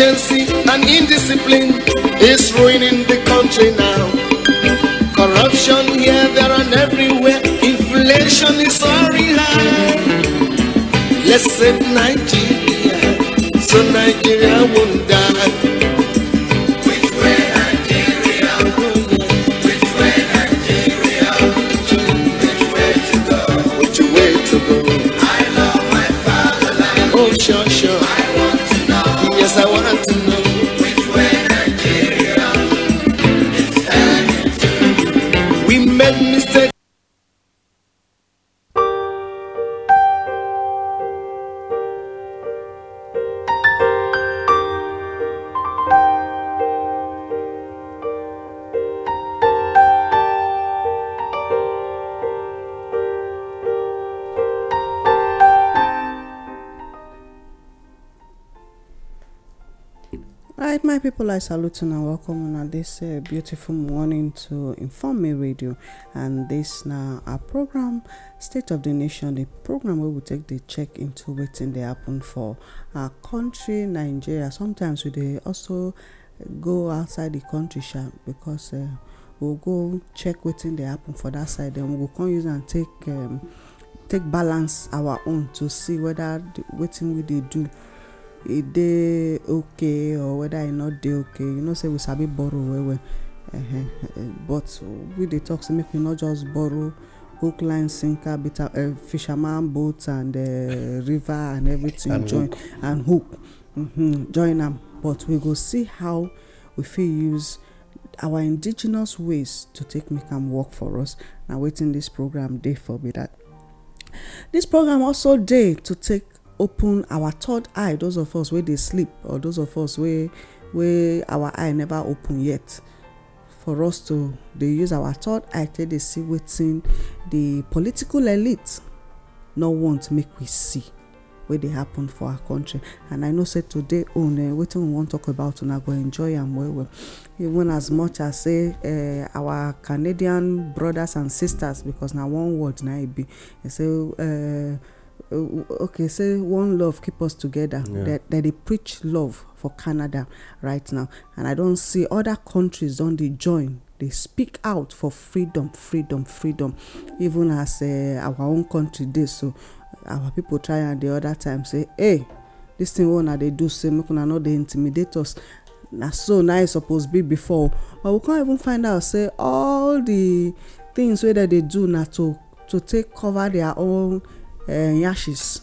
Inefficiency and indiscipline is ruining the country now. Corruption here, there, and everywhere. Inflation is already high. Let's save Nigeria so Nigeria people, I salute and welcome on this uh, beautiful morning to Inform Me Radio. And this now our program, State of the Nation, the program where we take the check into waiting they happen for our country, Nigeria. Sometimes we they also go outside the country shop because uh, we'll go check waiting they happen for that side. Then we'll come use and take um, take balance our own to see whether waiting we they do e dey okay or whether e no dey okay you know say we sabi borrow well well uh-huh. but we dey talk say make we no just borrow hook line sinker bitter uh, fisherman boat and uh, river and everything and join hook. and hook mm-hmm, join am but we go see how we fit use our indigenous ways to take make am work for us na wetin dis program dey for be that. This program also dey to take open our third eye those of us wey dey sleep or those of us wey wey our eye never open yet for us to dey use our third eye take dey see wetin the political elite no want make we see wey dey happen for our country and i know say today own oh, wetin we wan talk about una go enjoy am well well even as much as say uh, our canadian brothers and sisters because na one word na e be e say. Uh, Uh, okay say one love keep us together yeah. they preach love for canada right now and i don't see other countries Don't they join They speak out for freedom freedom freedom even as uh, our own country dey so our people try and the other time say hey this thing wey they do say make una no they intimidate us na so na e suppose be before but we come even find out say all the things wey dem dey do na to to take cover their own uh, eh, yashes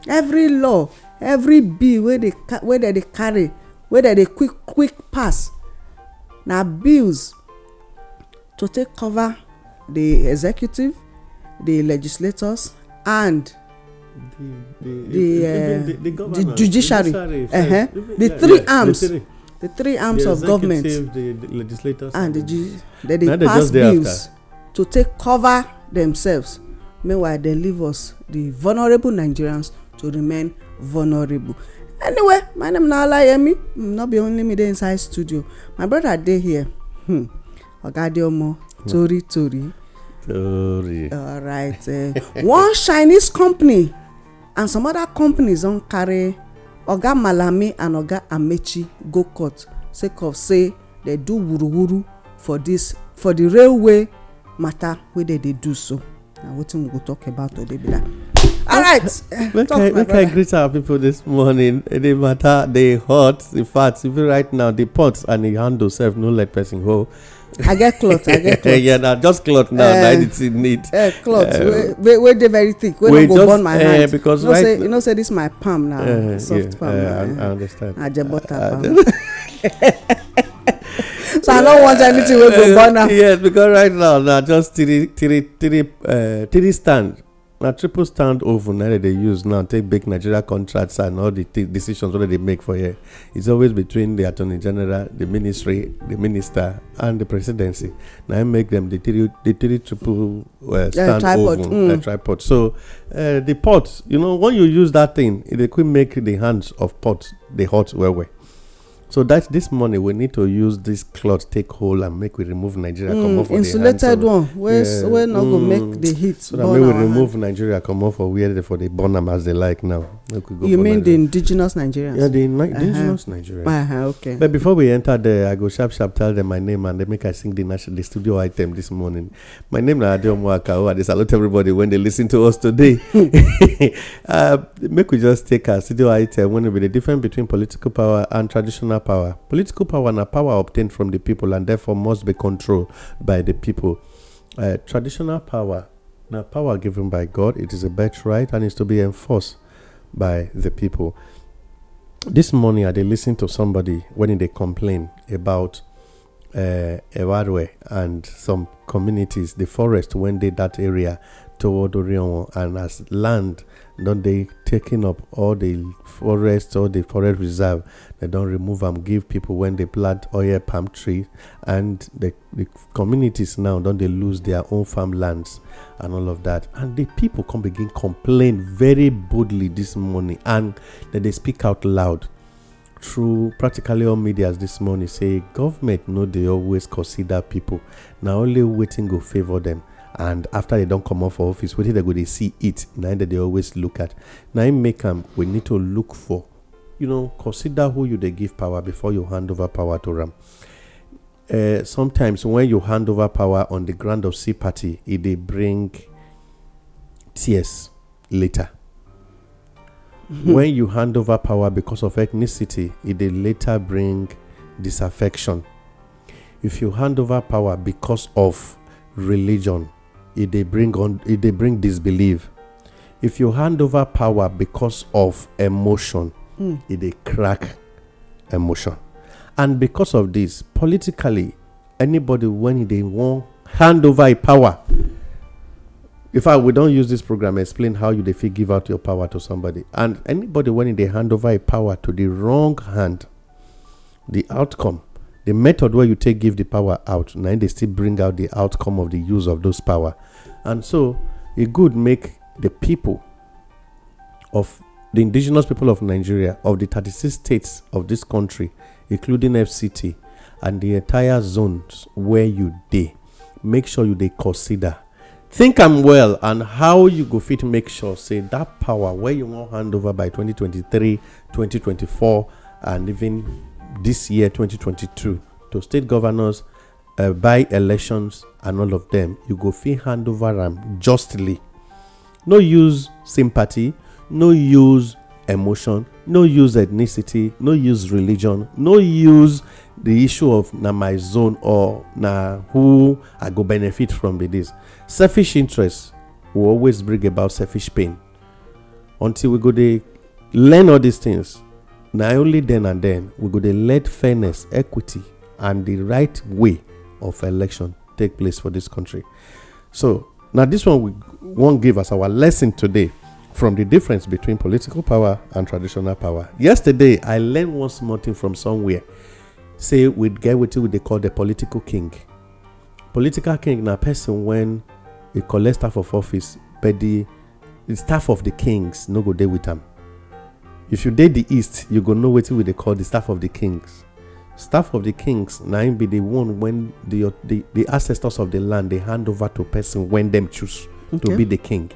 every law every bill wey dey wey dem dey carry wey dem dey quick quick pass na bills to take cover the executive the legislators and the the the, uh, the, the, the, the judiciary uh -huh. the three yeah, arms. The three the three arms the of government the, the legislators and the, the they pass bills after to take cover themselves meanwhile dem leave us the vulnerable nigerians to remain vulnerable anyway my name na olayemi mm, no be only me dey inside studio my brother dey here hmm oga dey omo hmm. tori tori tori alright uh, one chinese company and some other companies don carry oga malami and oga amechi go court sake of say dem do wuruwuru for dis for di railway matter wey dem dey do so na wetin we go talk about today be that. all right eh, make i make i greet our people this morning eh, the matter dey hot in fact even right now the pot and the handle sef no let person hold. i get cloth i get cloth yeah na just cloth now na the eh, thing need uh, cloth wey wey dey very thick wey no go burn my hand you know say you know say this my palm na soft palm na ajebota palm so i don't want anything wey go burn am. yes because right now now just three three three uh, three stand now triple stand over. Now that they use now take big nigeria contracts and all the decisions wey they make for here it's always between the attorney general the ministry the minister and the presidency Now I make them the three the three triple uh, stand over tripod. oven mm. uh, tripod so uh, the pot you know when you use that thing they could make the hands of pot the hot well well. So that this money we need to use this cloth take hold and make we remove Nigeria mm, come off for insulated the insulated one. Where yeah. where not mm, to make the heat. So that make we remove Nigeria come off for where they for the burn them as they like now. you mean Nigeria. the indigenous Nigerians? Yeah, the, ni- uh-huh. indigenous Nigerians. Uh-huh, okay. But before we enter there, I go sharp sharp tell them my name and they make I sing the national the studio item this morning. My name is Adom Wakao I salute everybody when they listen to us today. uh, make we just take our studio item when it be the difference between political power and traditional power. Political power and power obtained from the people and therefore must be controlled by the people. Uh, traditional power, now power given by God, it is a birthright and is to be enforced by the people. This morning, I did listen to somebody when they complain about uh, Ewarwe and some communities, the forest, when they that area toward Orion and as land don't they taking up all the forest all the forest reserve They don't remove and give people when they plant oil palm tree and the the communities now don't they lose their own farmlands and all of that and the people come begin complain very boldly this morning and dem they speak out loud through practically all medias this morning say government no they always consider people now only waiting go favour them and after they don't come off for office wetin they go they see it na that always look at Now, make them. we need to look for you know consider who you they give power before you hand over power to them. uh, eh, sometimes when you hand over power on the ground of sympathy it they bring tears later mm-hmm. when you hand over power because of ethnicity it they later bring disaffection if you hand over power because of religion it they bring on it they bring disbelief if you hand over power because of emotion mm. it they crack emotion and because of this politically anybody when they want hand over a power in fact we don't use this program explain how you defeat give out your power to somebody and anybody when they hand over a power to the wrong hand the outcome the method where you take give the power out now they still bring out the outcome of the use of those power and so it could make the people of the indigenous people of nigeria of the 36 states of this country including fct and the entire zones where you dey make sure you dey consider think am well and how you go fit make sure say that power wey you wan hand over by 2023 2024 and even this year 2022 to state governors uh, by elections and all of them you go fee hand over am justly no use sympathy no use emotion no use ethnicity no use religion no use the issue of na my zone or na who i go benefit from be this selfish interest will always bring about selfish pain until we go dey learn all these things now only then and then we go dey let fairness equity and the right way of election take place for this country so now this one we not give us our lesson today from the difference between political power and traditional power. Yesterday, I learned one small thing from somewhere. Say we get it, what they call the political king. Political king a person when he collects staff of office, but the, the staff of the kings no go there with him if you date the east you go know wetin we dey call the staff of the kings staff of the kings na be the one when the ancestors of the land they hand over to person when them choose to be the king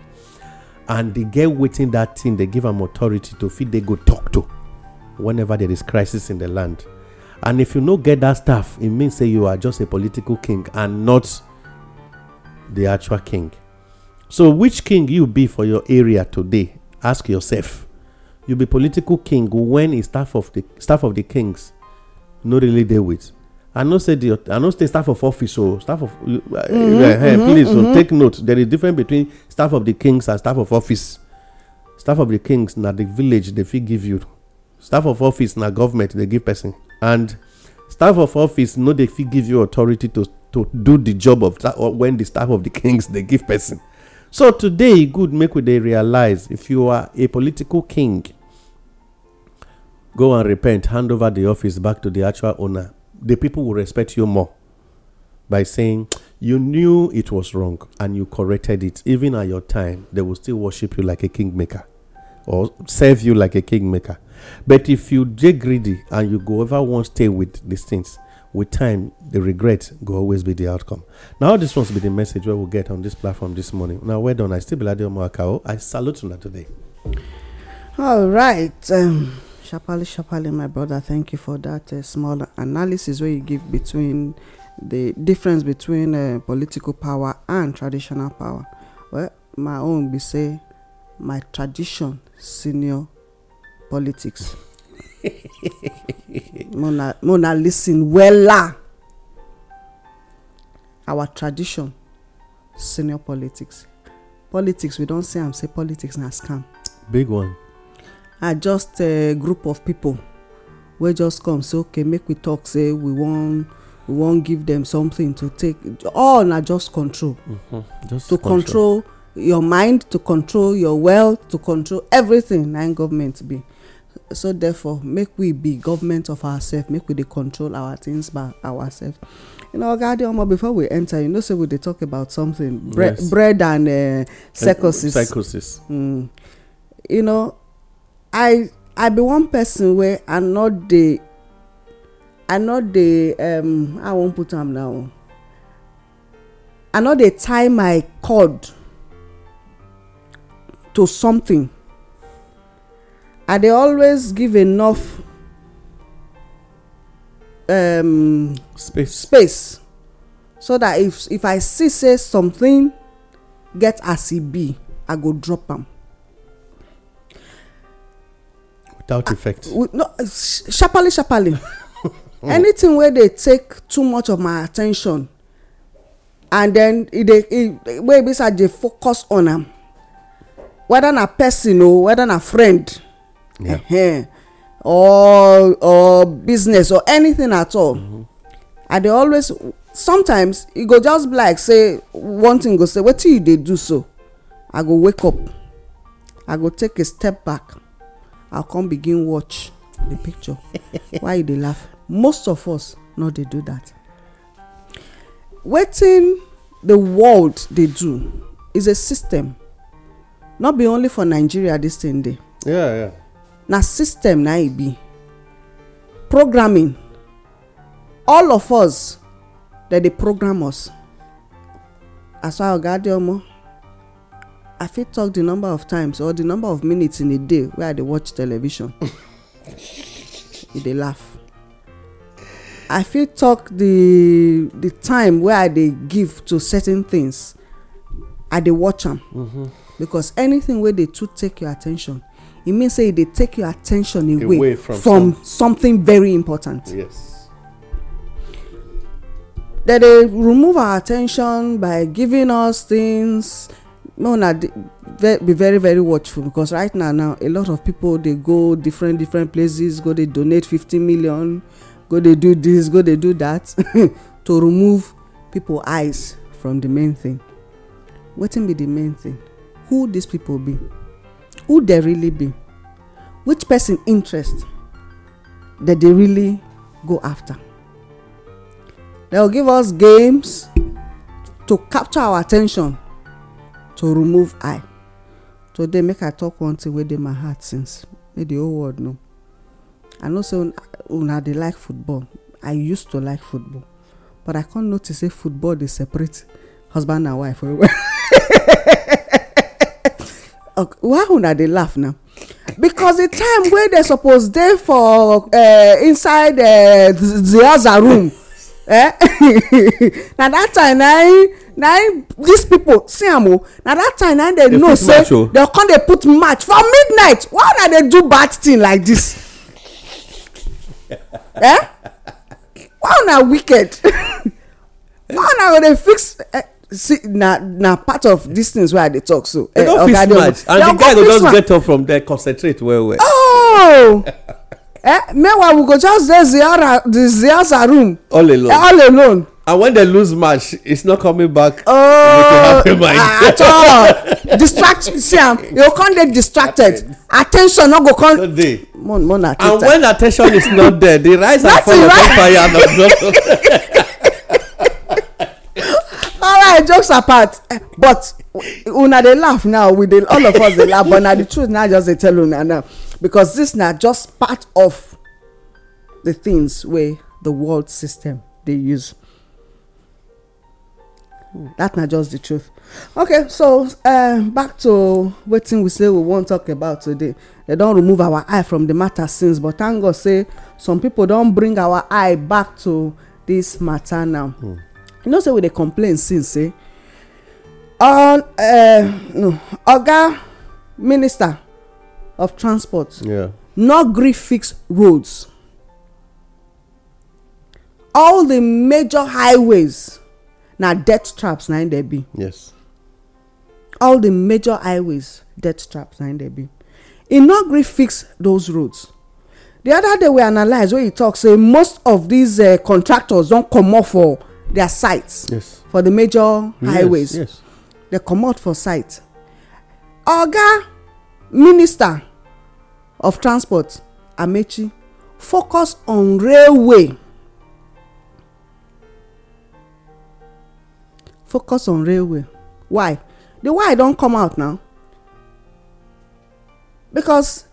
and the get waiting that thing they give them authority to fit they go talk to whenever there is crisis in the land and if you no get that staff it means say you are just a political king and not the actual king so which king you be for your area today ask yourself you be political king when e staff of the staff of the kings no really deal with i no say the i no say staff of office or oh, staff of uh, eh, mm-hmm, eh, eh, mm-hmm, please so oh, mm-hmm. take note there is difference between staff of the kings and staff of office staff of the kings na the village they fit give you staff of office na government they give person and staff of office no dey fit give you authority to to do the job of when the staff of the kings dey give person so today e good make we dey realize if you are a political king Go and repent, hand over the office back to the actual owner. The people will respect you more by saying, You knew it was wrong and you corrected it. Even at your time, they will still worship you like a kingmaker or serve you like a kingmaker. But if you get greedy and you go ever won't stay with these things, with time, the regret will always be the outcome. Now, this wants to be the message we'll get on this platform this morning. Now, well done. I still be Ladio I salute you today. All right. Um. sharply, sharply, my brother. Thank you for that uh, small analysis where you give between the difference between uh, political power and traditional power. Well, my own be say my tradition senior politics. Mona, Mona, listen wella. Our tradition senior politics. Politics, we don't say I'm say politics and scam. Big one are just a group of people wey just come say okay make we talk say we wan we wan give dem something to take all na just control mm-hmm. just to control your mind to control your wealth to control everything na government be so therefore make we be government of ourselves make we dey control our things by ourselves you know oga adeoma before we enter you know say we dey talk about something bread bread and psychosis eh, psychosis mm. you know i i be one person wey i no dey i no dey um, how i wan put am now i no dey tie my cord to something i dey always give enough um, space space so that if if i see say something get as e be i go drop am without effect ah, no eh, sharply, sharply. anything wey dey take too much of my at ten tion and then e dey e, wey e be say i dey focus on am whether na person o whether na friend yeah. uh-huh, or or business or anything at all mm -hmm. i dey always sometimes e go just be like say one thing go say wetin you dey do so i go wake up i go take a step back I'll come begin watch the picture why you dey laugh most of us no dey do that wetin the world dey do is a system not be only for nigeria this thing dey yeah yeah na system na e be programming all of us dem dey program us as why oga adeomo i fit talk the number of times or the number of minutes in a day wey i dey watch television e dey laugh i fit talk the the time wey i dey give to certain things i dey watch am mm-hmm. because anything wey dey too take your attention e mean say e dey take your attention away from from something very important yes dem dey remove our attention by giving us things una be very very watchful because right now now a lot of people dey go different different places go dey donate fifty million go dey do this go dey do that to remove people eyes from the main thing wetin be the main thing who these people be who they really be which person interest that they really go after they will give us games to capture our attention to remove eye today make i talk one thing wey dey my heart since make the whole world know i know say una dey like football i used to like football but i come notice say football dey separate husband and wife well well okay, why una dey laugh now because the time wey dey suppose dey for uh, inside uh, the, the other room eh na that time na him na him these people see am o na that time na him dey know say dem come dey put match for midnight why una dey do bad thing like this eh why una wicked why una go dey fix eh, see na na part of these things wey i dey talk so. they eh, don fix match and the guy go just get up from there concentrate well well. oh eh, meanwhile we go just dey ziyara the ziyara room. all alone eh, all alone. and when they lose match it's not coming back. oh uh, at all distract see am um, you come dey distracted at ten tion no go come. no mon mon ateta. and when at ten tion is not there the rise and fall of empire na not. all right jokes apart eh, but una dey laugh now we dey all of us dey laugh but na the truth na just dey tell una now because this na just part of the things wey the world system dey use That na just the truth okay so um, back to wetin we say we wan talk about today They don remove our eye from the matter since but thank god say some people don bring our eye back to this matter now hmm. you know say we dey complain since say eh? on um, no oga minister of transport yeah. not gree fix roads all the major highways na death traps na im dey be yes all the major highways death traps na im dey be e no gree fix those roads the other day we analyse wey e talk say most of these uh, contractors don comot for their sites yes. for the major highways yes, yes. they comot for site oga minister of transport amechi focus on railway focus on railway why the why don come out now because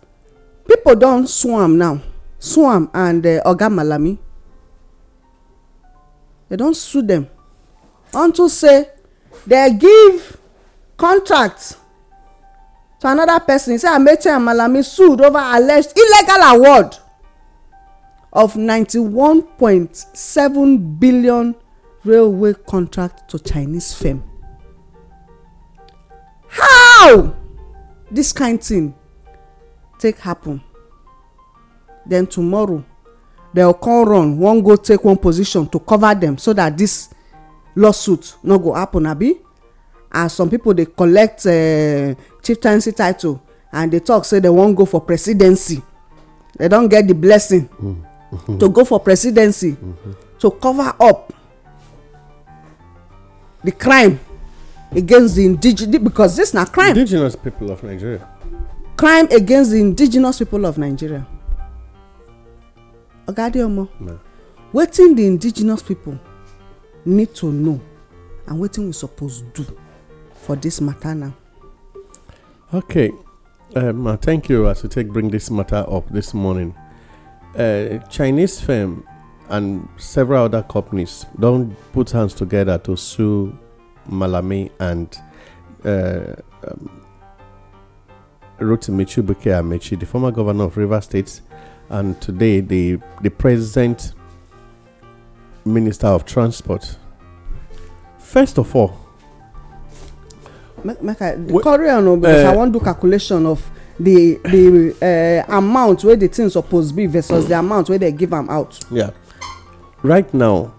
people don swarm now swarm and uh, oga malami they don sue them unto say they give contract to anoda pesin say amechi amalami sued over alleged illegal award of ninety one point seven billion railway contract to chinese firm how This kind thing take happen Then tomorrow dem come run one go take one position to cover them so that this lawsuit no go happen abi as some people dey collect eh, chieftaincy title and dey talk say dem wan go for presidency dem don get di blessing mm-hmm. to go for presidency mm-hmm. to cover up di crime against di indigenous because dis na crime indigenous people of nigeria crime against di indigenous people of nigeria oga adeomo wetin di indigenous people need to know and wetin we suppose do for dis matter now Okay. Um, thank you, take bring this matter up this morning. Uh, Chinese firm and several other companies don't put hands together to sue Malami and uh, um, Amechi, the former governor of River State, and today the, the present minister of transport. First of all, make, make i correct am o because uh, i wan do calculation of the the uh, amount wey the thing suppose be versus the amount wey they give am out. Yeah. right now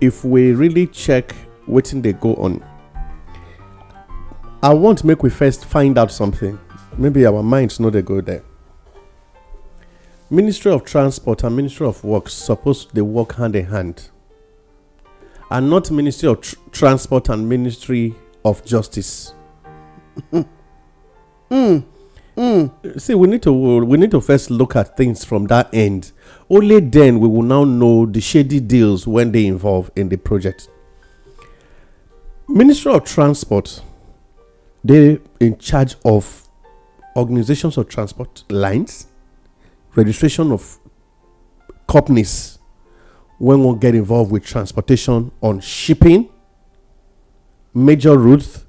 if we really check wetin dey go on i want make we first find out something maybe our minds no dey go there ministry of transport and ministry of works suppose dey work hand in hand and not ministry of tr transport and ministry of justice. Mm. Mm. See, we need to we need to first look at things from that end. Only then we will now know the shady deals when they involve in the project. Ministry of Transport, they in charge of organizations of transport lines, registration of companies when we get involved with transportation on shipping major routes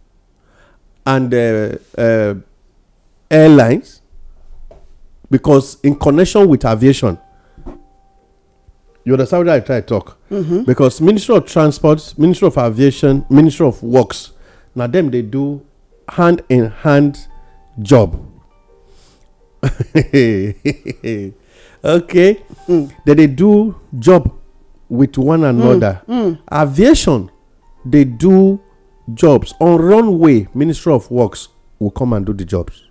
and uh, uh, airlines because in connection with aviation you understand what i try to talk mm-hmm. because ministry of transport ministry of aviation ministry of works now them they do hand in hand job okay mm. then they do job with one another mm. Mm. aviation they do jobs on runway ministry of works will come and do the jobs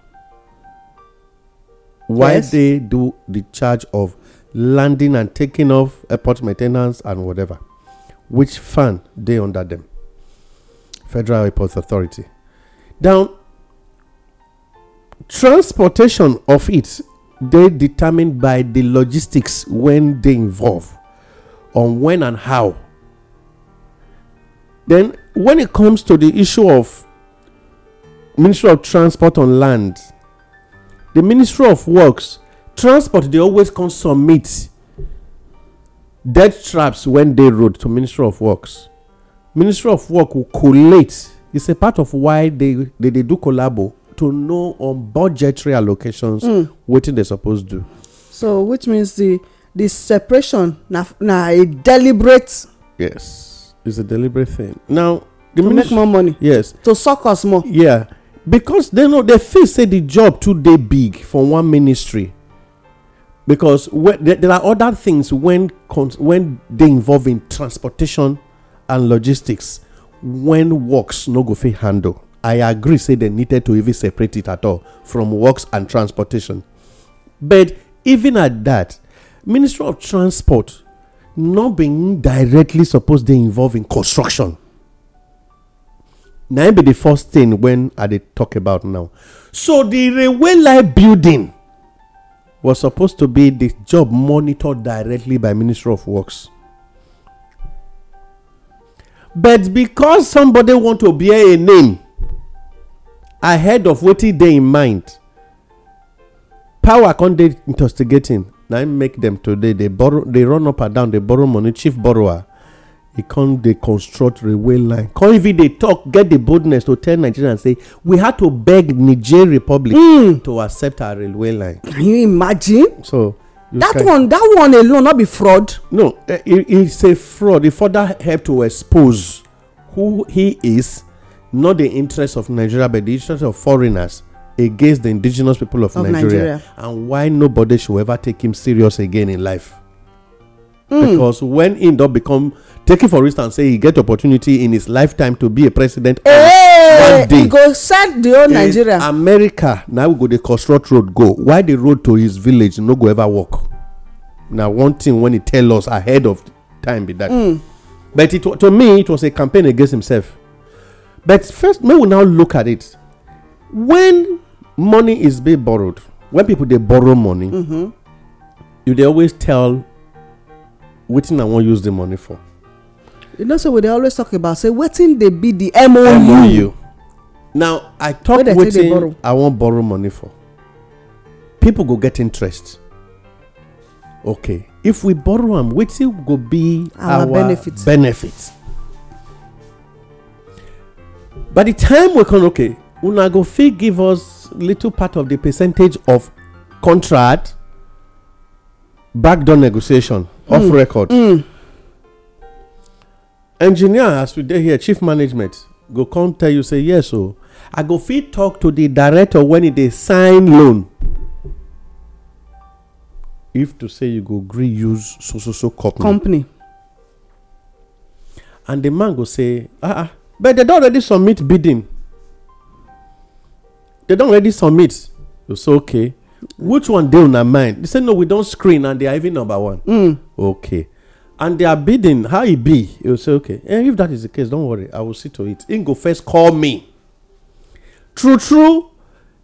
while yes. they do the charge of landing and taking off airport maintenance and whatever which fund they under them federal Airport authority down transportation of it they determine by the logistics when they involve on when and how then when it comes to the issue of ministry of transport on land the ministry of works transport dey always come submit dead traps when dey road to ministry of works ministry of work will collate it's a part of why they they dey do collabo to know on budgetary allocations mm. wetin they suppose do. so which means the the separation na na a deliberate. yes It's a deliberate thing. Now, the to ministry, make more money. Yes. To suck us more. Yeah, because they know they feel say the job too day big for one ministry. Because there, there are other things when when they involve in transportation and logistics, when works no go fit handle. I agree. Say they needed to even separate it at all from works and transportation. But even at that, Ministry of Transport no being directly supposed, dey involve in construction na be the first thing when i dey talk about now so the railway line building was supposed to be the job monitored directly by ministry of works but because somebody want to bear a name ahead of wetin dey in mind power con dey investigating na make dem today dey borrow dey run up and down dey borrow money chief borrower e come dey construct railway line come even dey talk get the boldness to tell nigerians say we had to beg niger republic hmm. to accept our railway line can you imagine so that one that one alone not be fraud no it's eh, a fraud e further help to expose who he is not the interest of nigeria but the interest of foreigners against the indigenous people of, of Nigeria, Nigeria, and why nobody should ever take him serious again in life. Mm. Because when he don't become taking for instance, say he get opportunity in his lifetime to be a president. Hey, one day, he go set the whole Nigeria. America now we go the construct road go. Why the road to his village no go ever walk? Now one thing when he tell us ahead of time be that. Mm. But it, to me it was a campaign against himself. But first, may we now look at it. When money is being borrowed when people dey borrow money mm-hmm. you dey always tell wetin i wan use the money for. you know say we dey always talk about say wetin dey be the mou. mou now i talk wetin i wan borrow money for people go get interest okay if we borrow am wetin go be our, our benefit. benefit by the time we come okay una go fit give us little part of the percentage of contract backdoor negotiation off hmm. record hmm. engineer as we dey here chief management go come tell you say yes o oh, i go fit talk to the director when e dey sign loan if to say you go gree use so so so company Company. and the man go say ah ah but they don already submit bidding they don already submit you say okay which one dey una mind they say no we don screen and they are even number one mm. okay and they are bidding how e be you say okay eh if that is the case don't worry i will see to it him go first call me true true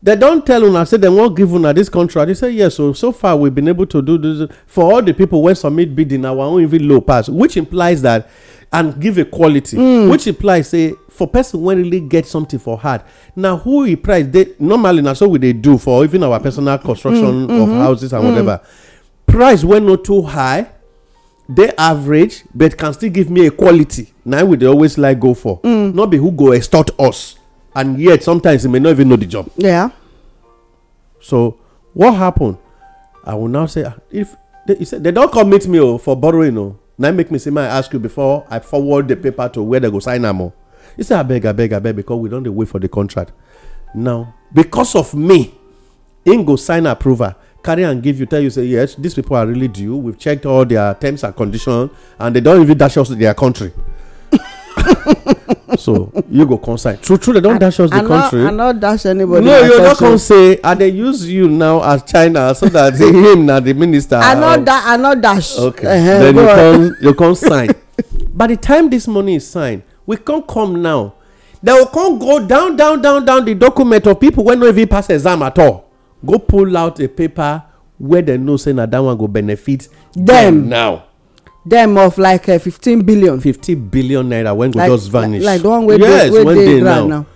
they don tell una say dem wan give una dis contract they say yes so so far we been able to do this for all the people wey submit bidding our own even low pass which implies that and give a quality hmm. which implies say for person wey really get something for heart na who e price dey normally na so we dey do for even our personal hmm. construction of mm-hmm. houses and hmm. whatever price wey no too high dey average but can still give me a quality na we dey always like go for not be who go extort us and yet sometimes he may not even know the job. Yeah. So what happened? I will now say ah, if they, he said they don't come meet me oh, for borrowing oh. Now make me see. may I ask you before I forward the paper to where they go sign them oh. He said I beg I beg I beg because we don't wait for the contract. Now because of me, him go sign approval carry and give you tell you say yes these people are really due we've checked all their terms and conditions and they don't even dash us to their country. so you go consign true true dem don dash us the country i not dash anybody no you no come say i dey use you now as china so that him na the minister i not dash okay uh-huh, then you come you come sign by the time this money is signed we come come now They will come go down down down down the document of people wey no even pass exam at all go pull out a paper wey dem know say na that one go benefit dem now dem of like uh, fifteen billion fifty billion naira wen go just vanish like the one wey dey ground now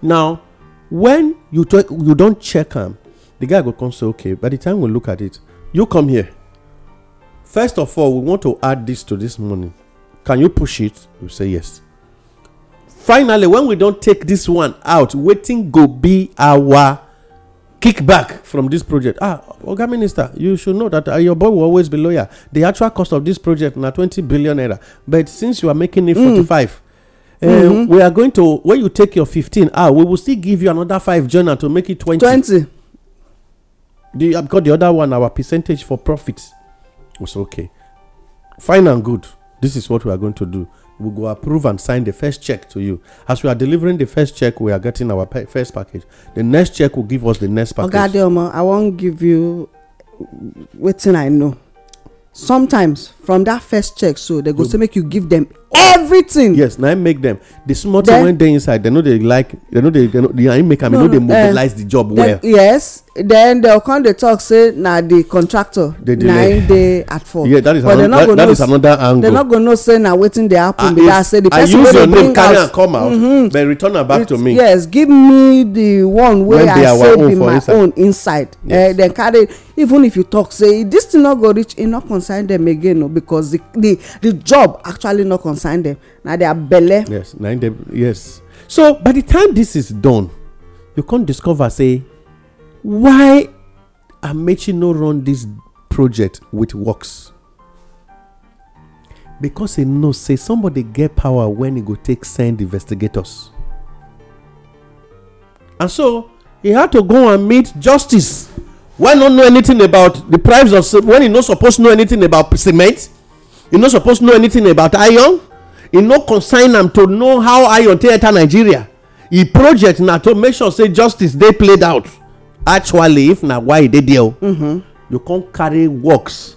now when you you don check am the guy go come say okay by the time we look at it you come here first of all we want to add this to this money can you push it you say yes finally when we don take this one out wetin go be our kickback from this project ah oga minister you should know that uh, your boy will always be lawyer the actual cost of this project na twenty billion naira but since you are making it 45 mm. uh, mm-hmm. we are going to when you take your fifteen, ah we will still give you another five journal to make it Twenty. 20 the uh, because the other one our percentage for profits. was okay fine and good this is what we are going to do we go approve and sign the first check to you. As we are delivering the first check, we are getting our pe- first package. The next check will give us the next package. Oga Adeoma, I won't give you waiting I know. Sometimes from that first check so they go mm. say make you give them everything. yes na im make dem the small thing wey dey inside dem no dey like dem no dey na im make am e no dey eh, mobilize the job well. yes then dem come dey talk say na the contractor na im dey at fault. yeah that is but another that is another angle. dem no go know say na wetin dey happen be that say the person wey dey bring out i use your name carry am come out mm-hmm. but return am back to me. yes give me the one wey i say be my own inside. yes dem eh, carry even if you talk say this thing no go reach e no concern dem again o oh, because the the the job actually no concern dem na their belle. yes na in dem yes so by the time this is done you come discover say why amechi no run this project with works because he know say somebody get power when he go take send investigators and so he had to go and meet justice why not know anything about the price of when you no suppose know anything about cement you no suppose know anything about iron e no consign am to know how iron take enter nigeria e project na to make sure say justice dey played out actually if na why e dey there o mm-hmm. you come carry works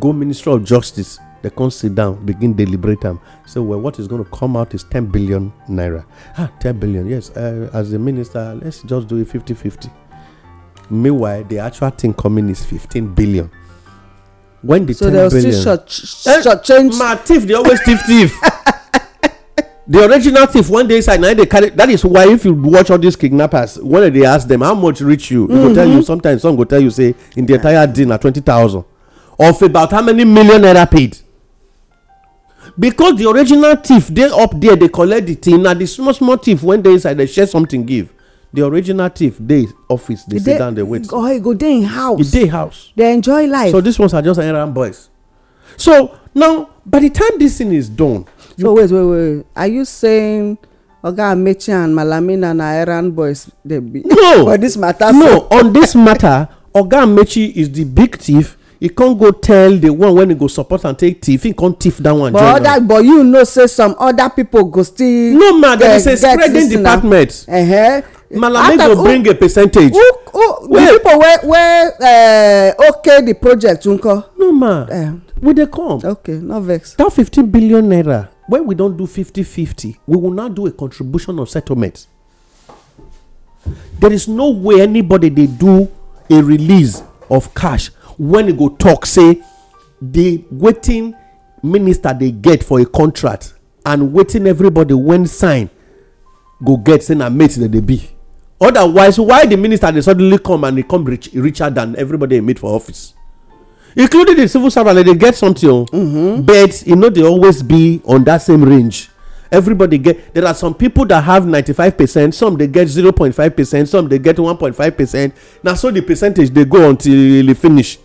go minister of justice dem come sit down begin deliberate am say well what is going to come out is ten billion naira ah ten billion yes eh, as a minister let's just do it fifty fifty. Meanwhile, the actual thing coming is fifteen billion. When the so 10 they'll billion, still short, eh, short change. My thief, they always thief thief. the original thief one day inside na dey carry that is why if you watch all these kidnappers when they ask them how much reach you mm -hmm. go tell you mm-hmm. sometimes some go tell you say in the entire deal na twenty thousand of about how many million naira paid because the original thief dey up there dey collect the thing na the small small thief wey dey inside dey share something give the original thief dey office dey sit down dey wait or e go dey im house e dey house dey enjoy life so these ones are just errand boys so now by the time this thing is done so wait wait wait are you saying oga amechi and malamina na errand boys dem be no for this matter no on this matter oga amechi is the big thief He con go tell the one wey e go support and take thief He con thief that one But am but you know say some other people go still no ma dem say spreading department Uh huh malame go bring a percentage who who the people wey wey uh, okay the project nko no ma eh. we dey come okay no vex that fifteen billion naira When we don do fifty fifty we will now do a contribution of settlement there is no way anybody dey do a release of cash when e go talk say the wetin minister dey get for a contract and wetin everybody wen sign go get say na mate dem dey be otherwise why the minister dey suddenly come and e come rich richer than everybody e meet for office including the civil servant dem dey get -hmm. but e no dey always be on that same range everybody get there are some people that have ninety-five percent some dey get zero point five percent some dey get one point five percent na so the percentage dey go until e finish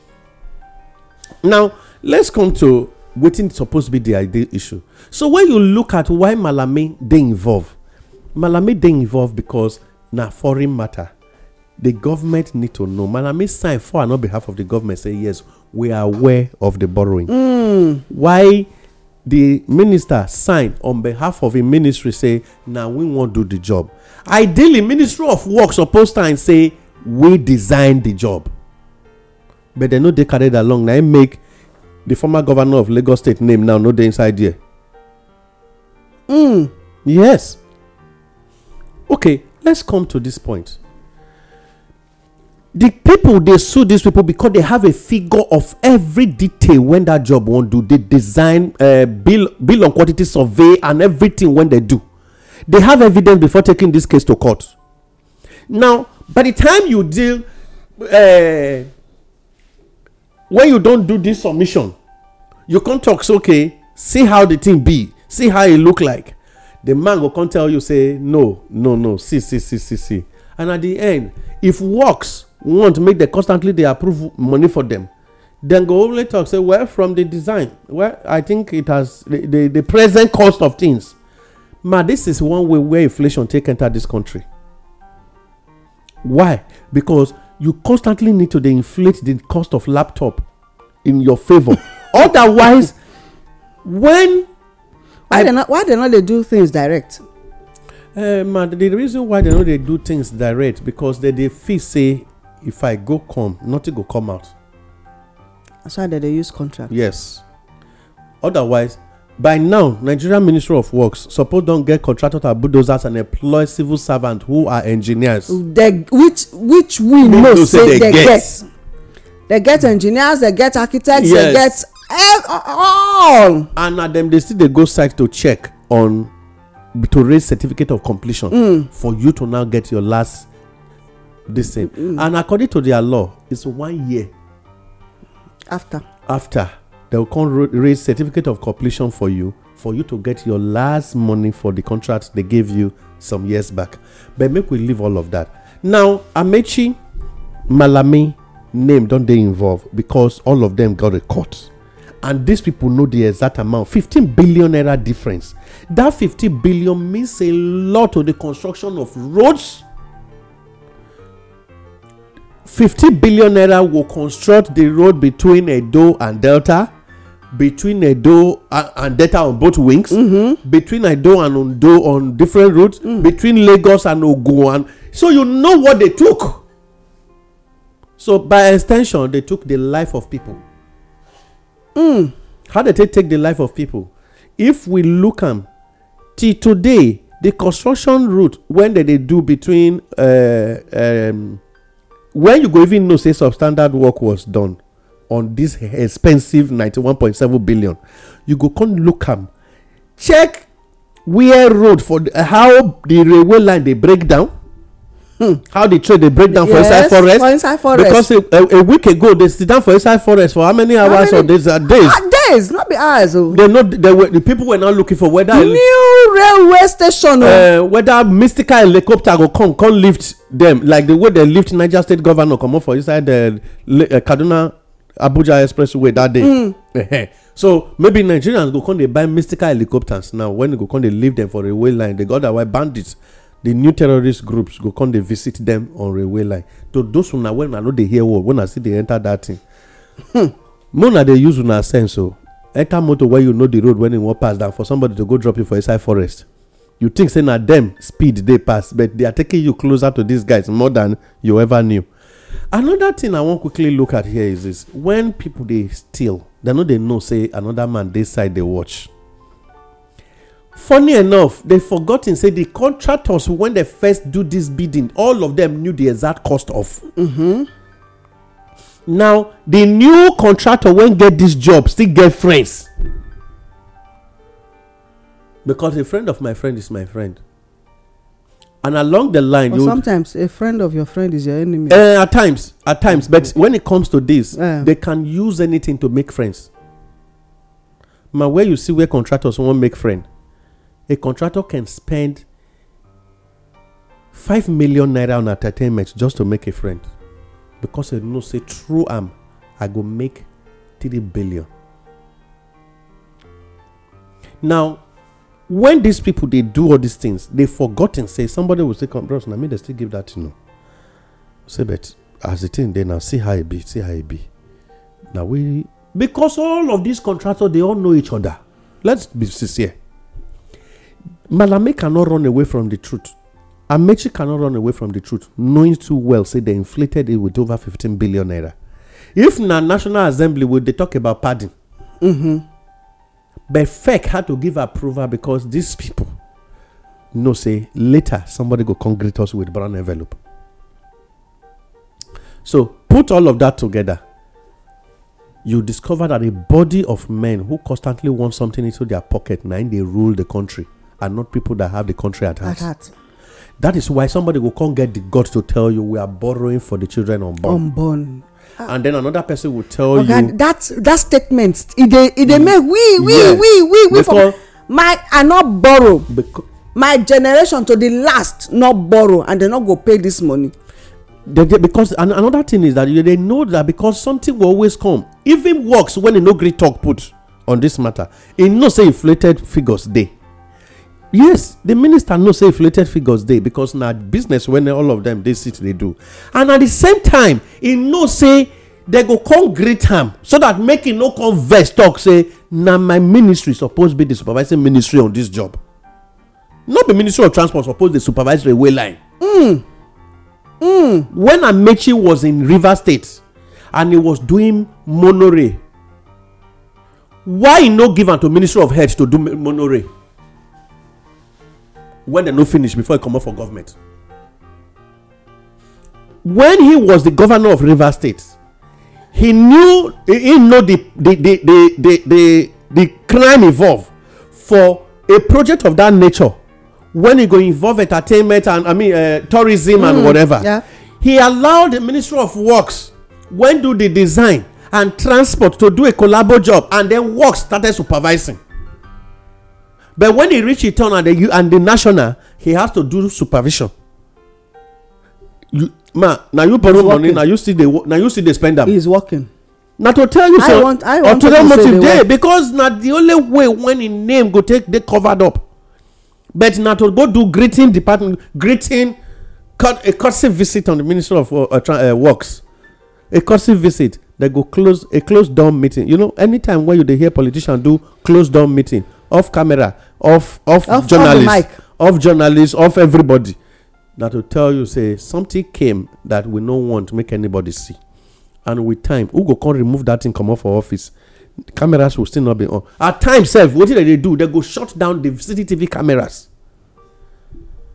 now let's come to wetin suppose be the ideal issue so when you look at why malami dey involve malami dey involve because na foreign matter the government need to know madam make sign for on behalf of the government say yes we are aware of the borrowing mm. why the minister sign on behalf of him ministry say na we wan do the job ideally ministry of work suppose sign say we design the job but dem no dey carried along na im make the former governor of lagos state name now no dey inside there. Mm. yes okay Let's come to this point. The people they sue these people because they have a figure of every detail when that job won't do. They design uh, bill bill on quantity survey and everything when they do. They have evidence before taking this case to court. Now, by the time you deal, uh, when you don't do this submission, you can't talk. So okay, see how the thing be, see how it look like the man go come tell you say no no no see see see see see and at the end if works want make dem constantly dey approve money for them, then go only talk say well from the design well i think it has the the, the present cost of things ma this is one way where inflation take enter this country why because you constantly need to dey inflate the cost of laptop in your favour otherwise when why they not why they not dey do things direct eh, man the reason why they no dey do things direct because they dey feel say if i go come nothing go come out that's why they dey use contract yes otherwise by now nigerian ministry of works suppose don get contractors and bulldozers and employ civil servants who are engineers which which we know say they get they get engineers they get architects they get all and na dem dey still dey go site to check on to raise certificate of completion mm. for you to now get your last this thing and according to their law it's one year after after they will come raise certificate of completion for you for you to get your last money for the contract they gave you some years back but make we leave all of that now amechi malami name don dey involved because all of them got a court and these people know the exact amount 15 billion naira difference that 15 billion means a lot to the construction of roads 15 billion naira will construct the road between edo and delta between edo and, and delta on both wings mm-hmm. between edo and ondo on different routes mm. between lagos and ogun and so you know what they took so by extension they took the life of people mm, how did they take the life of people if we look am till today the construction route when they dey do between uh, um, when you go even know say substandard work was done on this expensive 91.7 billion you go come look am check where road for the, how the railway line they break down Hmm. how the trade dey break down yes, for inside forest for inside forest because a, a, a week ago they sit down for inside forest for how many hours how many, or days uh, days uh, days not be hours o. Oh. they no they were the people were not looking for whether. new railway station o. Uh, eh, whether mystical helicopter go come come lift them like the way they lift niger state governor comot for inside the uh, kaduna abuja expressway that day. Mm. so maybe nigerians go come dey buy mystical helicopters now when they go come dey leave them for railway line they go otherwise bandits the new terrorist groups go come dey visit them on railway line to those una wey una no dey hear word una still dey enter that thing no hmm, na dey use una sense o enter motor wey you know the road when e wan pass down for somebody to go drop you for inside forest you think say na dem speed dey pass but they are taking you closer to these guys more than you ever knew another thing i wan quickly look at here is this when people dey steal dem no dey know say another man dey side dey watch funny enough dem forgotten say the contractors when they first do this bidding all of them knew the exact cost of mm-hmm. now the new contractor wey get this job still get friends because a friend of my friend is my friend and along the line you sometimes a friend of your friend is your enemy eh, at times at times but when it comes to dis eh. they can use anything to make friends ma where you see where contractors wan make friend a contractor can spend 5 million naira on entertainment just to make a friend because e know say true, am i go make 3 billion now when these people they do all these things they forgotten say somebody will say come bros na me they still give that you know say but as the thing dey now see how e be see how e be na we because all of these contractors they all know each other let's be sincere Malame cannot run away from the truth. Amechi cannot run away from the truth, knowing too well, say they inflated it with over 15 billion naira. If na National Assembly would they talk about pardon? Mm-hmm. But FEC had to give approval because these people know say later somebody go congratulate us with brown envelope. So put all of that together. You discover that a body of men who constantly want something into their pocket, nine they rule the country. are not people that have the country at heart. At heart. That is why somebody will come get the God to tell you we are borrowing for the children unborn. Unborn. Ah. And then another person will tell okay, you that that statement it they it they mm. make we we yes. we we we because, for my are not borrow because, my generation to the last not borrow and they not go pay this money. They, they, because an, another thing is that you, they know that because something will always come even works when they no great talk put on this matter e no say inflated figures dey yes the minister know say inflated figures dey because na business wey all of them dey sit dey do and at the same time he know say they go come greet am so that make e no come vex tok say na my ministry suppose be the supervising ministry on this job not be ministry of transport suppose dey supervise railway line mm. Mm. when amechi was in rivers state and he was doing monorail why e no give am to ministry of health to do monorail when they no finish before he come comot for government when he was the governor of rivers state he knew he know the the the the the the, the crime involved for a project of that nature when e go involve entertainment and i mean uh, tourism mm, and whatever yeah. he allowed the ministry of works when do the design and transport to do a collabo job and then works started supervising but when he reach town and the and the national he has to do supervision you ma na you borrow money na you still dey na you still dey spend am. he is working. na to tell you say otole motive dey because na the only way when im name go take dey covered up but na to go do greeting department greeting a courtesy visit on the ministry of uh, uh, works a courtesy visit they go close a closed down meeting you know anytime when you dey hear politician do closed down meeting off camera off off, off journalists off journalists off everybody na to tell you say something came that we no want make anybody see and with time who go come remove that thing comot for office cameras will still not be on at times sef wetin dem dey do dem go shut down the cctv cameras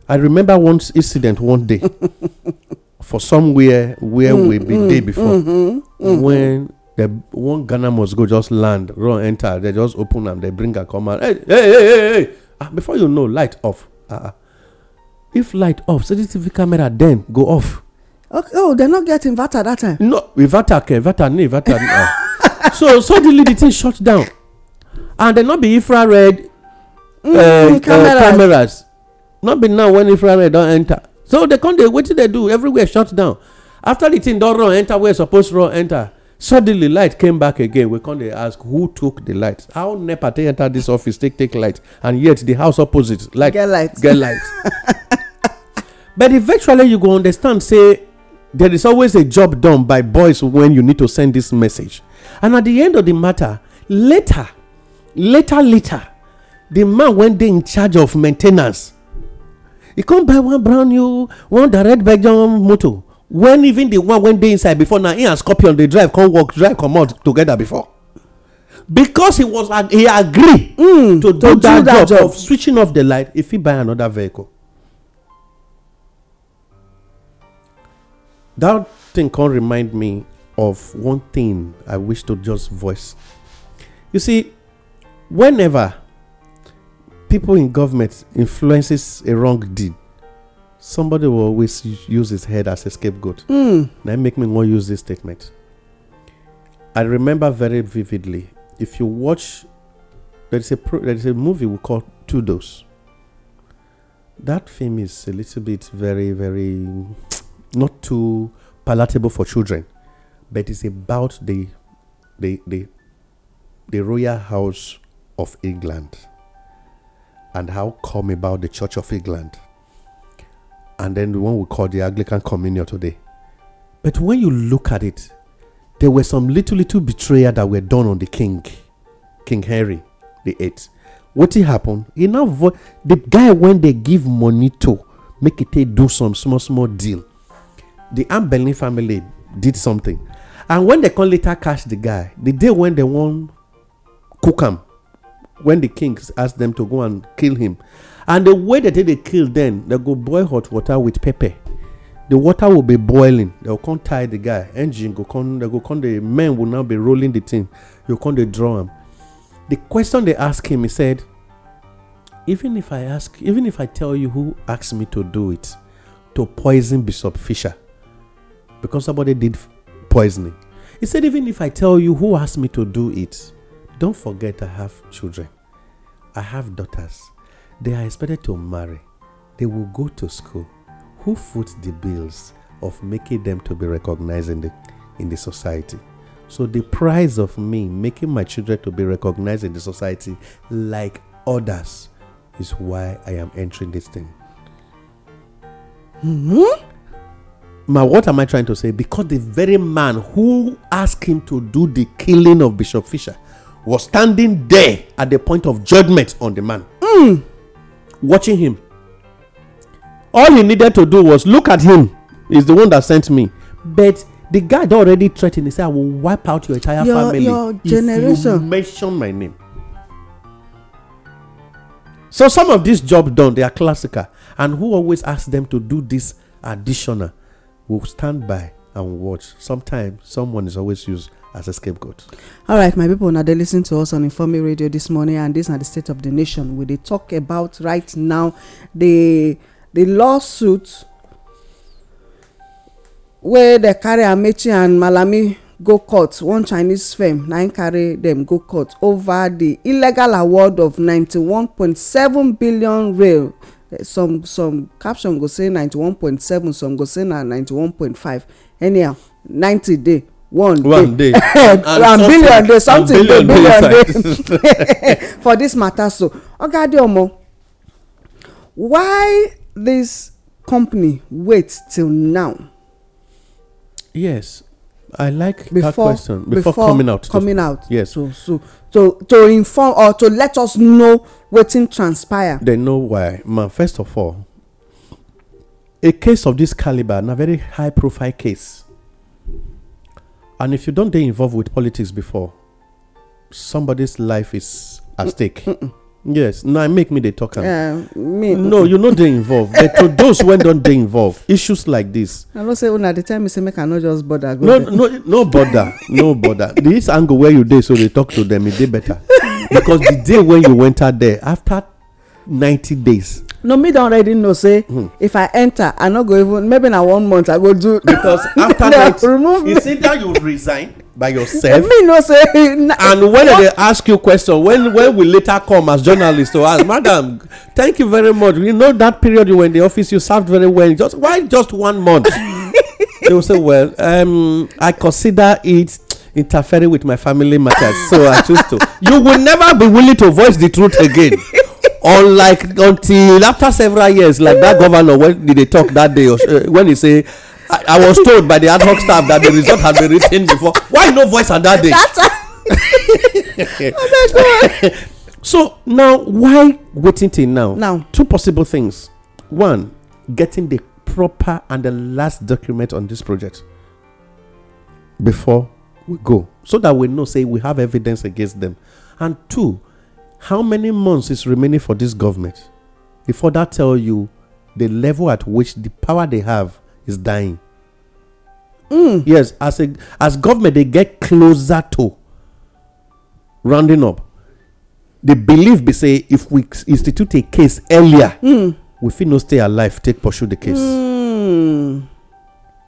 i remember one incident one day for somewhere where we mm, bin dey mm, before mm, when the one ghana must go just land run enter they just open them. they bring a come out hey hey hey hey hey ah before you know light off ah, ah. if light off cctv camera then go off. okay oh dem no get inverter that time. no inverter okay. inverter no inverter no so suddenly the thing shut down and they not be infrared. Mm, uh, cameras. Uh, cameras no be now when infrared don't enter so they come what wetin they do everywhere shut down after the thing don run enter where supposed suppose run enter suddenly light came back again we come dey ask who took the light how nepa take enter this office take take light and yet the house opposite light get light get light but eventually you go understand say there is always a job done by boys when you need to send this message and at the end of the matter later later later the man wey dey in charge of main ten ance e come buy one brand new one direct belgium motor when even the one wey dey inside before na him and scorpion dey drive come work drive comot together before because he was he agree mm, to, do, to that, do that job, job of switching off the light if he buy another vehicle that thing can remind me of one thing i wish to just voice you see whenever people in government influences a wrong deed somebody will always use his head as a scapegoat. Mm. make me want use this statement. I remember very vividly. If you watch, there is a pro, there is a movie we call Tudors. That film is a little bit very very not too palatable for children, but it's about the the the the royal house of England and how come about the Church of England and then the one we call the Anglican Communion today. But when you look at it, there were some little little betrayal that were done on the king, King Henry the Eighth. What he happened? He now vo- the guy when they give money to make it do some small small deal. The Anne family did something, and when they come later catch the guy, the day when they won cook him, when the king asked them to go and kill him, and the way that they kill them, they go boil hot water with pepper. The water will be boiling. They will come tie the guy. Engine go come. They go come. The men will now be rolling the thing. You come. They draw him. The question they ask him, he said, "Even if I ask, even if I tell you who asked me to do it, to poison Bishop Fisher, because somebody did poisoning." He said, "Even if I tell you who asked me to do it, don't forget I have children. I have daughters." They are expected to marry. They will go to school. Who foots the bills of making them to be recognized in the, in the society? So the price of me making my children to be recognized in the society like others is why I am entering this thing. hmm Now, what am I trying to say? Because the very man who asked him to do the killing of Bishop Fisher was standing there at the point of judgment on the man. Mm. watching him. All he needed to do was look at him. He's the one that sent me. But the guy that already threatened, he said, I will wipe out your entire your, family. Your generation. If you mention my name. So some of these jobs done, they are classical. And who always asks them to do this additional will stand by and watch. Sometimes someone is always used as a scapegoat. all right my people Now they listen to us on informe radio this morning and this is the state of the nation we dey talk about right now the the lawsuit where dey carry amechi and malami go court one chinese firm na im carry dem go court over the illegal award of ninety-one point seven billion rail eh, some some caption go say ninety-one point seven some go say na ninety-one point five anyhow ninety day one, one day, day. and, and billion day something and billion, billion day, billion day. for this matter so ogade omo why this company wait till now. yes i like before, that question before, before coming out. coming to, out yes so so to to inform or to let us know wetin transpire. they know why ma first of all a case of this calibre na very high profile case And if you don't get involved with politics before, somebody's life is at stake. Yes, now make me the talker. Yeah, me. No, you know they involved. but to those when don't they involve issues like this. I don't say when at the time you say make I not just bother. no, there. no, no bother, no bother. This angle where you did, so they talk to them, it e did better because the day when you went out there after ninety days. no me don already know say hmm. if i enter i no go even maybe na one month i go do because after that it's either you resign by yourself me no say and when they ask you question when when we later come as journalists to ask madam thank you very much you know that period you were in the office you served very well just why just one month they will say well um, i consider it interfering with my family matters so i choose to you will never be willing to voice the truth again unlike until after several years like that governor when did they talk that day or uh, when he say I, I was told by the ad hoc staff that the result had been written before why no voice on that day oh my God. so now why waiting till now now two possible things one getting the proper and the last document on this project before we go so that we know say we have evidence against them and two How many months is remaining for this government before that tell you the level at which the power they have is dying? Mm. Yes, as a as government they get closer to rounding up. The belief be say if we institute a case earlier, mm. we fit no stay alive take pursue the case. Mm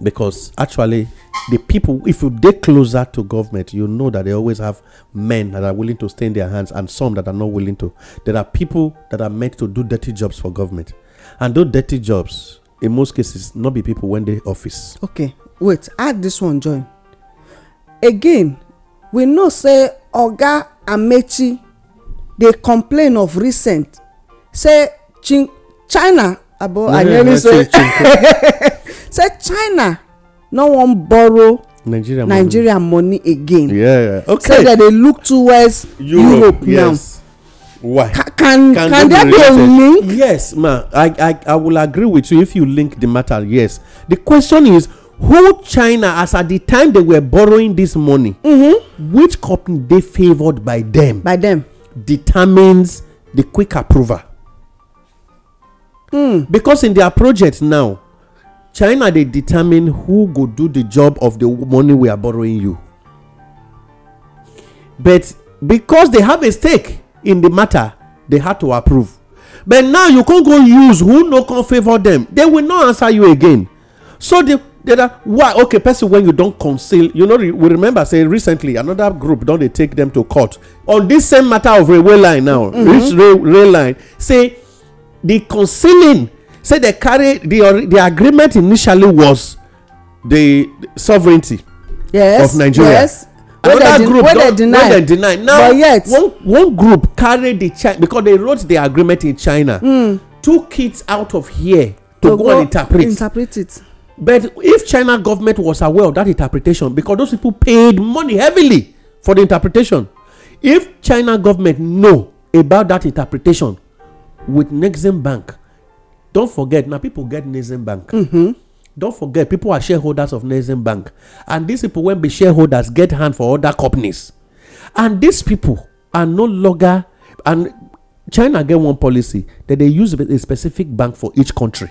because actually the people if you dig closer to government you know that they always have men that are willing to stay in their hands and some that are not willing to there are people that are meant to do dirty jobs for government and those dirty jobs in most cases not be people when they office okay wait add this one join again we know say oga amechi dey complain of recent say china abo anyeli say say china no wan borrow nigeria money nigeria money again yeah okay say that they look towards europe now why can can there be a link yes ma i i i will agree with you if you link the matter yes the question is who china as at the time they were borrowing this money mm-hmm. which company dey favoured by them by them determines the quick approval Hmm. because in their project now china dey determine who go do the job of the money we are borrowing you but because they have a stake in the matter they had to approve but now you con go use who no con favour them. they will not answer you again so the are why okay person when you don conceal you know we remember say recently another group don dey take them to court on this same matter of railway line now mm-hmm. reach rail line say the concealing say they carry the the agreement initially was the sovereignty yes, of nigeria yes. another group don deny. wey dem deny now yet, one one group carry the china because they wrote the agreement in china mm. took kids out of here to, to go, go and interpret interpret it but if china government was aware of that interpretation because those people paid money heavily for the interpretation if china government know about that interpretation with nexen bank don forget na people get nexen bank mm-hmm. don forget people are shareholders of nexen bank and these people wey be shareholders get hand for other companies and these people are no longer and china get one policy that dey use a specific bank for each country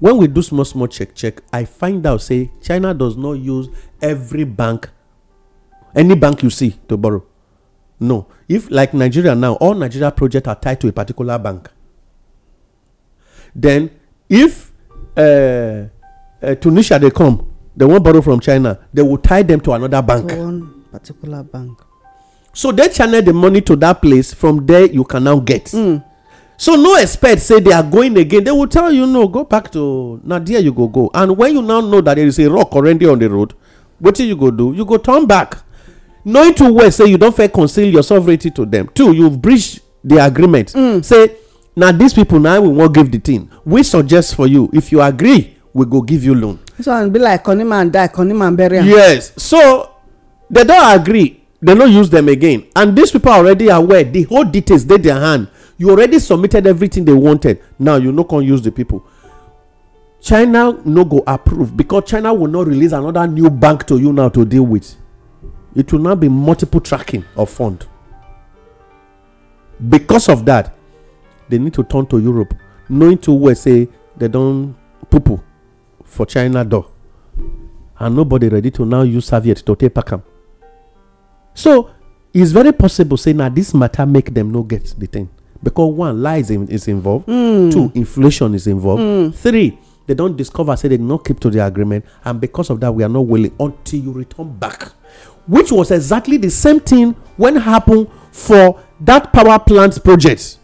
when we do small small check check i find out say china does not use every bank any bank you see to borrow No. If, like Nigeria now, all Nigeria projects are tied to a particular bank, then if uh, uh, Tunisia they come, they won't borrow from China, they will tie them to another bank. To one particular bank. So they channel the money to that place. From there, you can now get. Mm. So no expert say they are going again. They will tell you no, go back to now there you go go. And when you now know that there is a rock already on the road, what do you go do? You go turn back knowing too well say you don fair conceal your sovereignty to them. two you breach the agreement mm. say na these people na we wan give the thing we suggest for you if you agree we go give you loan this one be like conny man die conny man bury am yes so they don agree They no use them again and these people already aware the whole details dey their hand you already submitted everything they wanted now you no con use the people. china no go approve because china will not release another new bank to you now to deal with it will now be multiple tracking of fund because of that they need to turn to europe knowing to where say they don't poo for china door and nobody ready to now use Soviet to take Pakam. so it's very possible say now this matter make them no get the thing because one lies is involved hmm. two inflation is involved hmm. three they don't discover say they no keep to the agreement and because of that we are not willing until you return back which was exactly the same thing when happened for that power plant project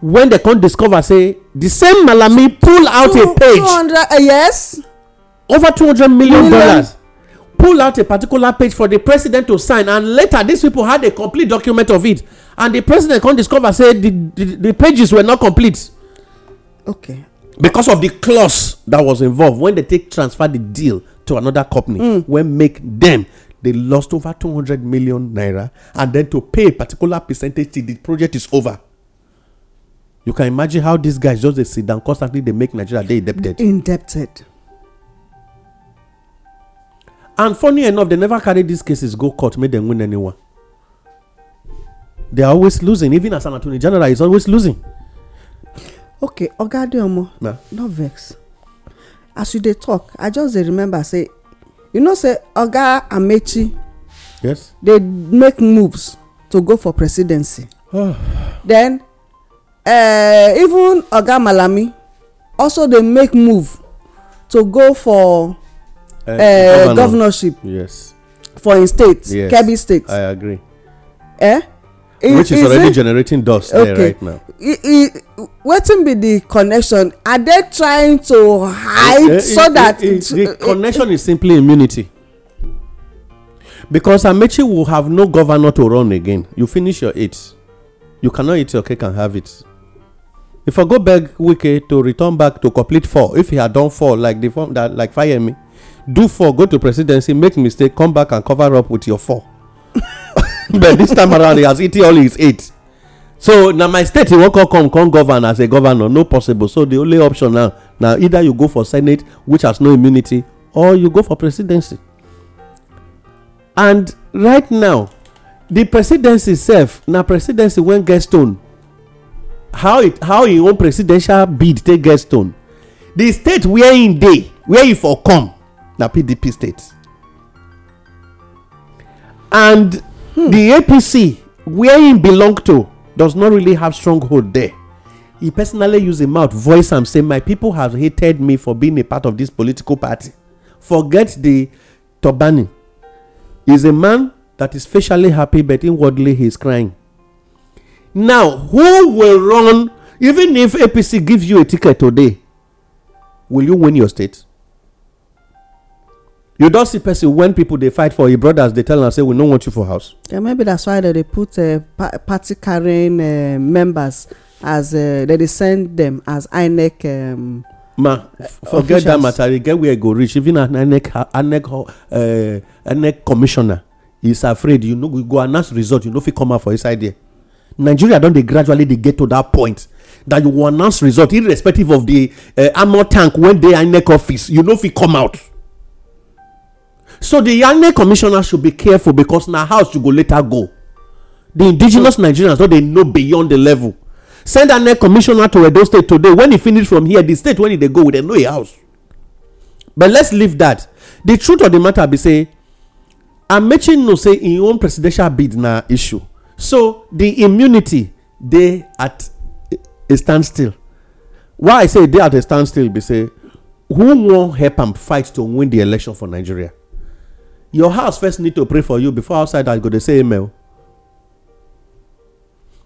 when they come discover say the same malami pull out Two, a page 200 uh, yes over two hundred million dollars pull out a particular page for the president to sign and later these people had a complete document of it and the president come discover say the, the the pages were not complete okay because of the clause that was involved when they take transfer the deal to another company mm. wey make them they lost over 200 million naira and then to pay a particular percentage till the project is over you can imagine how these guys just dey sit down constantly they make nigeria dey indebted. indebted. and funny enough they never carry these cases go court make dem win anyone they are always losing even as an attorney general he's always losing. okay oga adeomo no vex as you they talk i just dey remember say you know say oga amechi yes dey make moves to go for presidency ah. then eh, even oga malami also dey make move to go for eh, eh, governorship yes for im state kebbi state i agree eh which is already generating dust there right now wetin be the connection are they trying to hide eh, eh, so eh, that the connection is simply immunity because amechi will have no governor to run again you finish your eight you cannot eat your cake and have it if i go beg wike to return back to complete four if he had done four like the form that like fire me do four go to presidency make mistake come back and cover up with your four but this time around he has eaten all his eight so na my state you wan come come come govern as a governor no possible so the only option now na either you go for senate which has no immunity or you go for presidency and right now the presidency sef na presidency wen get stone how it how im own presidential bid take get stone the state where im dey where e for come na pdp state and hmm. the apc where im belong to does not really have stronghold there. He personally used his mouth, voice and say, My people have hated me for being a part of this political party. Forget the Tobani. He's a man that is facially happy, but inwardly he is crying. Now, who will run, even if APC gives you a ticket today, will you win your state? you don see person when people dey fight for your brothers dey tell am say we no want you for house yeah maybe that's why dem dey put uh, party carrying uh, members as uh, they dey send them as inec um, ma forget that matter e get where e go reach even an inec commissioner is afraid you no go announce result you no fit come out for inside there nigeria don dey gradually dey get to that point that you go announce result irrespective of di armour tank wey dey inec office you no fit come out so di inec commissioner should be careful because na house you go later go The indigenous nigerians no dey know beyond the level send inec commissioner to edo state today When he finish from here the state wen he dey go we dey know e house but let's leave that. The truth of the matter be say amechi know say im own presidential bid na issue so di immunity dey at a standstill why i say e dey at a standstill be say who wan help am fight to win di election for nigeria your house first need to pray for you before outside i go dey say amen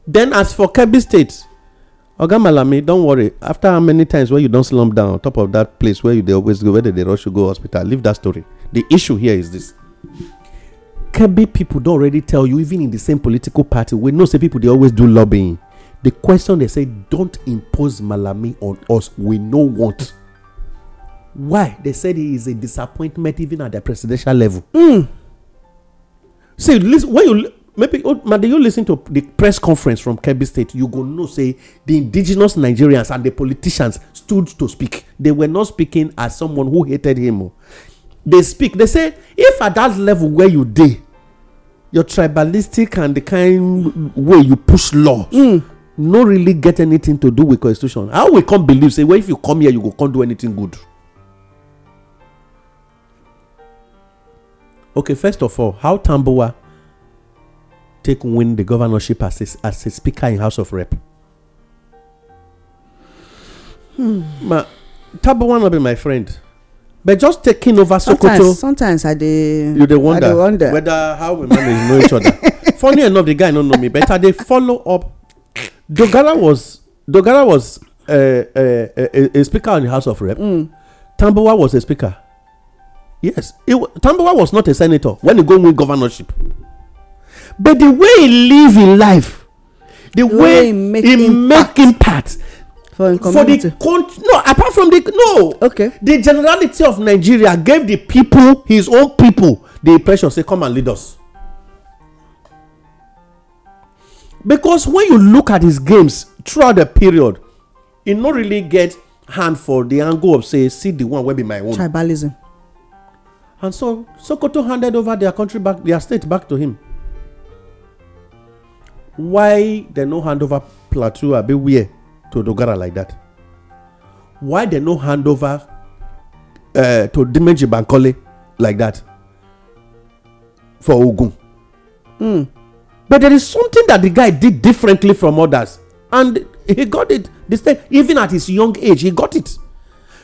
then as for kebbi state oga malami don worry after how many times wey you don slump down on top of that place where you dey always go where they dey rush you go hospital leave that story The issue here is this: kebbi people don already tell you even in the same political party we know say people dey always do lobbying The question dey say don't impose malami on us we no want Why? They said he is a disappointment even at the presidential level. Mm. See, listen, when you maybe oh, man, you listen to the press conference from Kebbi State, you go know say the indigenous Nigerians and the politicians stood to speak. They were not speaking as someone who hated him. Oh. They speak. They say if at that level where you dey, your tribalistic and the kind way you push law, Mm. no really get anything to do with constitution how we come believe say well if you come here you go come do anything good Okay, first of all, how Tambowa take win the governorship as a, as a speaker in House of Rep? Hmm. Ma, Tambowa not be my friend. but just taking over sokoto sometimes i dey you dey wonder wonder whether how we manage know each other funny enough the guy no know me but i dey follow up dogara was dogara was uh, uh, a speaker in the house of rep hmm. tambowa was a speaker Yes, it, Tambawa was not a senator when he go win governorship. But the way he live in life, the, the way, way, he make, he impact, make impact for, for the country. No, apart from the no. Okay. The generality of Nigeria gave the people, his own people, the impression say, "Come and lead us." Because when you look at his games throughout the period, he not really get hand for the angle of say, "See the one will be my own." Tribalism. And so Sokoto handed over their country back, their state back to him. Why they no hand over Plateau Abiwe to Dogara like that? Why they no hand over uh, to Dimeji Bankole like that for Ogun? Mm. But there is something that the guy did differently from others, and he got it. This thing, even at his young age, he got it.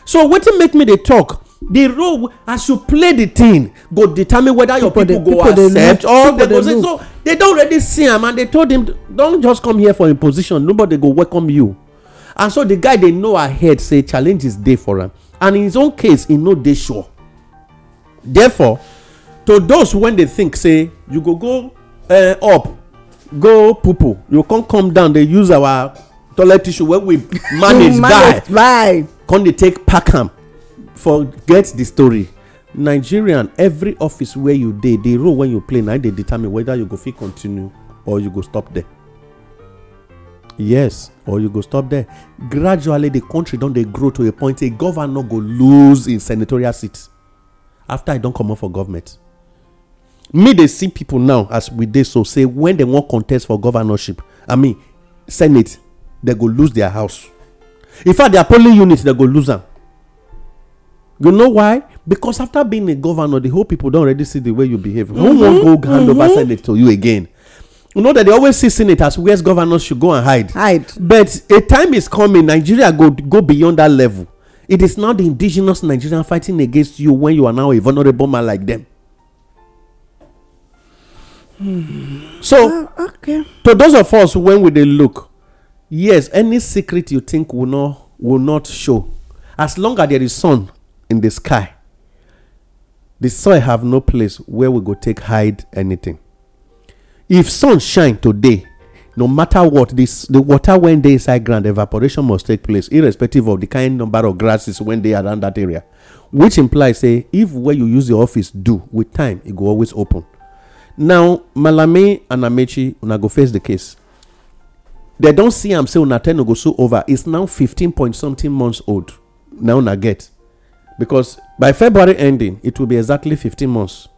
So what to make me the talk the role as you play the thing go determine whether your people, people go people accept they or they go say so they don already see am and they told him don just come here for imposition nobody go welcome you and so the guy dey know ahead say challenges dey for am and in his own case he no dey sure therefore to those when dey think say you go go uh, up go pupu you come come down dey use our toilet tissue wey we manage buy buy come dey take pack am forget the story nigerian every office where you dey the role wey you play na dey determine whether you go fit continue or you go stop there yes or you go stop there gradually the country don dey grow to a point a governor go lose im senatorial seat after e don comot for government me dey see people now as we dey so say when dem wan contest for governorship i mean senate dem go lose their house in fact their polling unit dem go lose am You know why? Because after being a governor, the whole people don't already see the way you behave. Mm-hmm. Who won't go hand mm-hmm. over Senate to you again? You know that they always see Senate as where governors should go and hide. Hide. But a time is coming, Nigeria go go beyond that level. It is now the indigenous Nigerian fighting against you when you are now a vulnerable man like them. Mm. So, uh, okay. to those of us when we they look, yes, any secret you think will not will not show, as long as there is sun, in the sky. The soil have no place where we go take hide anything. If sun shine today, no matter what, this the water when they inside ground evaporation must take place, irrespective of the kind number of grasses when they around that area. Which implies say if where you use the office do with time, it go always open. Now Malame and Amechi una go face the case. They don't see I am say una ten go so over. It's now 15 point something months old. Now una get. because by february ending it will be exactly 15 months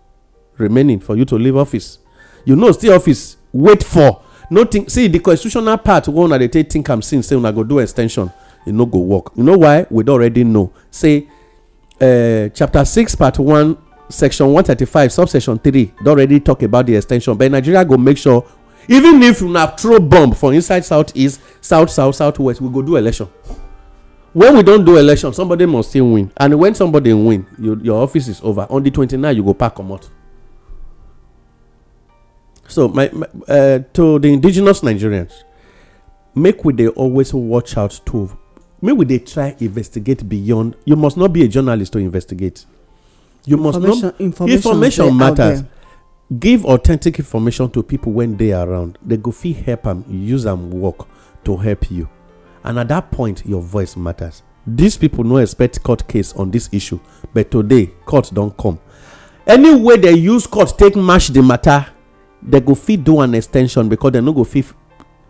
remaining for you to leave office you know still office wait for nothing. see the constitutional part wey una dey take think am since say una go do extension e no go work you know why we don already know say uh, chapter six part one section 135, subsection three don already talk about the extension but nigeria go make sure even if una throw bomb for inside south east south south south west we go do election when we don do election somebody must still win and when somebody win you, your office is over on the 29 you go pack comot so my, my uh, to the indigenous nigerians make we they always watch out to make we they try investigate beyond you must not be a journalist to investigate you must not information, information matters give authentic information to people when they are around they go feel help them use them work to help you And at that point, your voice matters. These people no expect court case on this issue, but today court don't come. Any way they use court take match the matter, they go fit do an extension because they no go fit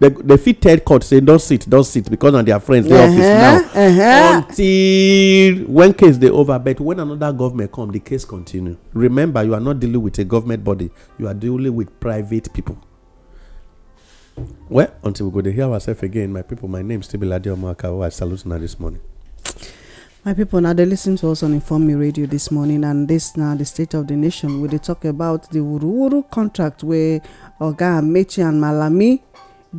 they, they fit tell court say don sit don sit because na their friends dey uh-huh, office now uh-huh. until when case dey over but when another government come the case continue remember you are not dealing with a government body you are dealing with private people Well, until we go to hear ourselves again, my people, my name is Tibila Diomaka. Oh, I salute now this morning. My people, now they listen to us on Inform Me Radio this morning, and this now the state of the nation. We they talk about the Wuruwuru contract where Oga Mechi and Malami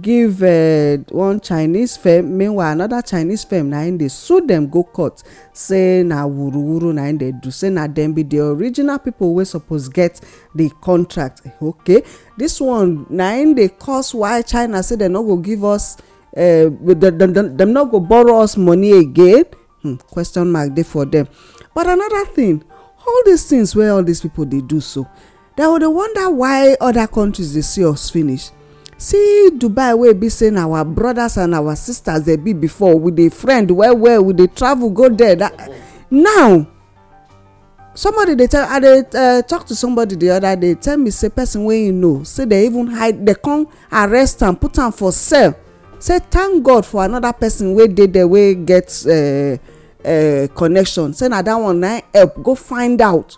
give uh, one chinese firm meanwhile another chinese firm na im dey sue dem go court say na wuruwuru na im dey do say na dem be the original people. wey suppose get the contract okay this one na im dey cause why china say dem no go give us uh, dem no go borrow us money again hmm question mark dey for dem but another thing all these things wey all these people dey do so dem go dey wonder why other countries dey see us finish see dubai wey be say na our brothers and our sisters dey be before we dey friend well well we dey travel go there that, now somebody dey tell i dey uh, talk to somebody the other day tell me say person wey you know say dey even hide dey come arrest am put am for cell say thank god for another person wey dey there wey get uh, uh, connection say na that one na help go find out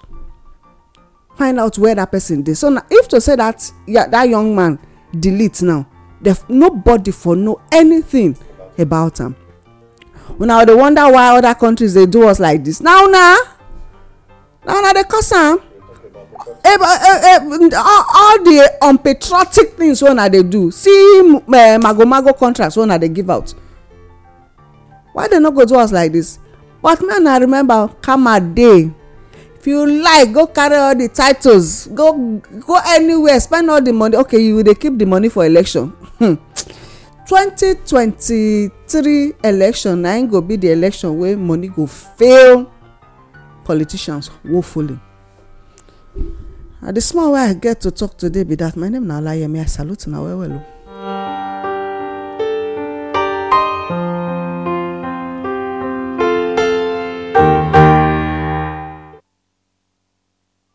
find out where that person dey so na if to say that yeah, that young man delete now nobody for know anything about am una dey wonder why other countries dey do us like this. Now na now na una dey cause am eh, eh, eh, all the unpatriotic things wey una dey do see magomago contracts wey una dey give out why dem no go do us like this? but make una remember kama dey if you like go carry all the titles go go anywhere spend all the money okay you dey keep the money for election hmm. twenty twenty-three election na im go be the election wey money go fail politicians woefully na the small wey i get to talk today be that my name na olayemi i salute una well well o.